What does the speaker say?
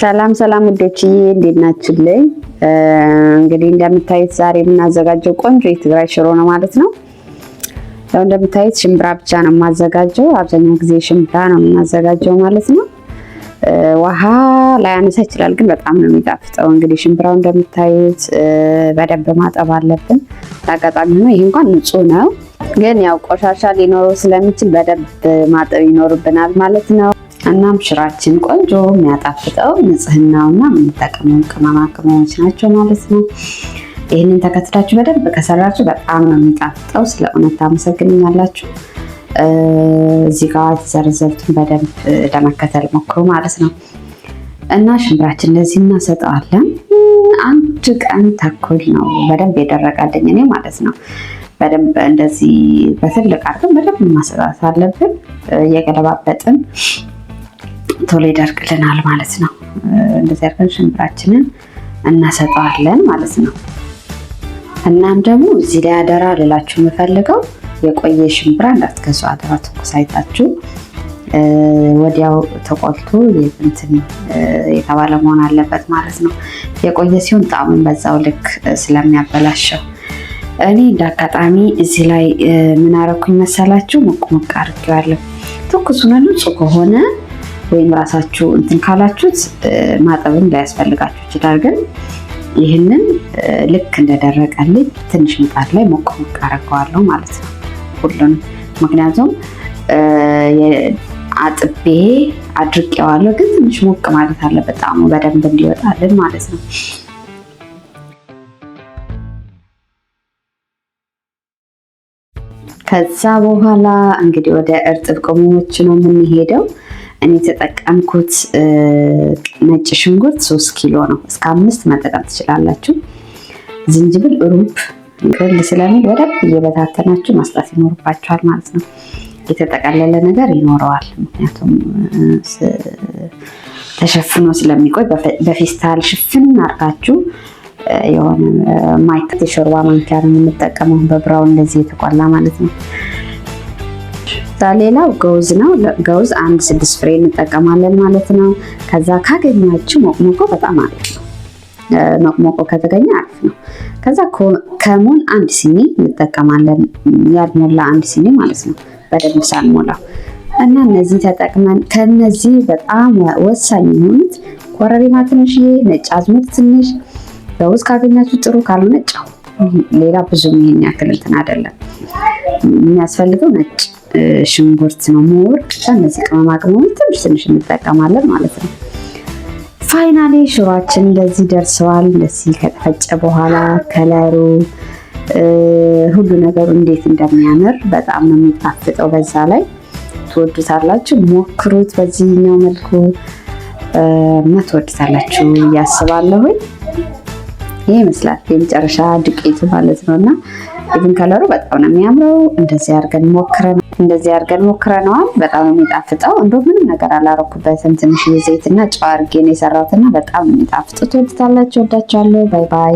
ሰላም ሰላም ውዶችዬ እንዴት ናችሁልኝ? እንግዲህ እንደምታዩት ዛሬ የምናዘጋጀው ቆንጆ የትግራይ ሽሮ ነው ማለት ነው። ያው እንደምታዩት ሽምብራ ብቻ ነው የማዘጋጀው። አብዛኛው ጊዜ ሽምብራ ነው የምናዘጋጀው ማለት ነው። ውሃ ላይ አነሳ ይችላል፣ ግን በጣም ነው የሚጣፍጠው። እንግዲህ ሽምብራው እንደምታዩት በደንብ ማጠብ አለብን። አጋጣሚ ሆኖ ይህ እንኳን ንጹህ ነው፣ ግን ያው ቆሻሻ ሊኖረው ስለሚችል በደንብ ማጠብ ይኖርብናል ማለት ነው። እናም ሽራችን ቆንጆ የሚያጣፍጠው ንጽህናውና የምንጠቀመው ቅመማ ቅመሞች ናቸው ማለት ነው። ይህንን ተከትላችሁ በደንብ ከሰራችሁ በጣም ነው የሚጣፍጠው። ስለ እውነት ታመሰግንኛላችሁ። እዚህ ጋ የተዘረዘሩትን በደንብ ለመከተል ሞክሩ ማለት ነው እና ሽምብራችን እንደዚህ እናሰጠዋለን። አንድ ቀን ተኩል ነው በደንብ የደረቀልኝ እኔ ማለት ነው። በደንብ እንደዚህ በትልቅ አድርገን በደንብ ማሰጣት አለብን እየገለባበጥን ቶሎ ይደርቅልናል ማለት ነው። እንደዚህ አድርገን ሽንብራችንን እናሰጠዋለን ማለት ነው። እናም ደግሞ እዚህ ላይ አደራ ልላችሁ የምፈልገው የቆየ ሽንብራ እንዳትገዙ አደራ። ትኩስ አይታችሁ ወዲያው ተቆልቶ እንትን የተባለ መሆን አለበት ማለት ነው። የቆየ ሲሆን ጣዕሙን በዛው ልክ ስለሚያበላሸው እኔ እንደ አጋጣሚ እዚህ ላይ ምን አደረኩኝ መሰላችሁ? ሞቅ ሞቅ አድርጌዋለሁ። ትኩሱን ንጹህ ከሆነ ወይም ራሳችሁ እንትን ካላችሁት ማጠብም ላያስፈልጋችሁ ይችላል። ግን ይህንን ልክ እንደደረቀልኝ ትንሽ ምጣድ ላይ ሞቅ ሞቅ አደርገዋለሁ ማለት ነው ሁሉን ምክንያቱም አጥቤ አድርቄዋለሁ፣ ግን ትንሽ ሞቅ ማለት አለ በጣም በደንብ እንዲወጣልን ማለት ነው። ከዛ በኋላ እንግዲህ ወደ እርጥብ ቅመሞች ነው የምንሄደው። እኔ የተጠቀምኩት ነጭ ሽንኩርት ሶስት ኪሎ ነው። እስከ አምስት መጠቀም ትችላላችሁ። ዝንጅብል ሩብ ግል ስለሚል በደንብ እየበታተናችሁ ማስጣት ይኖርባችኋል ማለት ነው። የተጠቀለለ ነገር ይኖረዋል። ምክንያቱም ተሸፍኖ ስለሚቆይ በፌስታል ሽፍን አድርጋችሁ የሆነ ማይክ የሾርባ ማንኪያ ነው የምንጠቀመው። በብራውን እንደዚህ የተቆላ ማለት ነው። ሌላው ገውዝ ነው። ገውዝ አንድ ስድስት ፍሬ እንጠቀማለን ማለት ነው። ከዛ ካገኛችሁ ሞቅሞቆ በጣም አሪፍ ነው። ሞቅሞቆ ከተገኘ አሪፍ ነው። ከዛ ከሙን አንድ ሲኒ እንጠቀማለን። ያልሞላ አንድ ሲኒ ማለት ነው። በደንብ ሳንሞላው እና እነዚህ ተጠቅመን ከነዚህ በጣም ወሳኝ የሆኑት ኮረሪማ ትንሽዬ፣ ነጭ አዝሙድ ትንሽ፣ ገውዝ ካገኛችሁ ጥሩ፣ ካልሆነ ጨው። ሌላ ብዙም ይሄን ያክል እንትን አይደለም የሚያስፈልገው ነጭ ሽንኩርት ነው ሞር እነዚህ ቅመማ ቅመሞች ትንሽ ትንሽ እንጠቀማለን ማለት ነው። ፋይናሊ ሽሯችን እንደዚህ ደርሰዋል። እንደዚህ ከተፈጨ በኋላ ከለሩ ሁሉ ነገሩ እንዴት እንደሚያምር በጣም ነው የሚጣፍጠው። በዛ ላይ ትወዱታላችሁ። ሞክሩት። በዚህኛው መልኩ መትወዱታላችሁ እያስባለሁኝ። ይህ ይመስላል የመጨረሻ ዱቄቱ ማለት ነው እና ይህን ከለሩ በጣም ነው የሚያምረው። እንደዚህ አድርገን ሞክረን እንደዚህ አድርገን ሞክረነዋል። በጣም የሚጣፍጠው። እንዶ ምንም ነገር አላረኩበትም። ትንሽ ዘይትና ጨው አድርጌ ነው የሰራሁትና በጣም የሚጣፍጡት። ወድታላችሁ። ወዳችኋለሁ። ባይ ባይ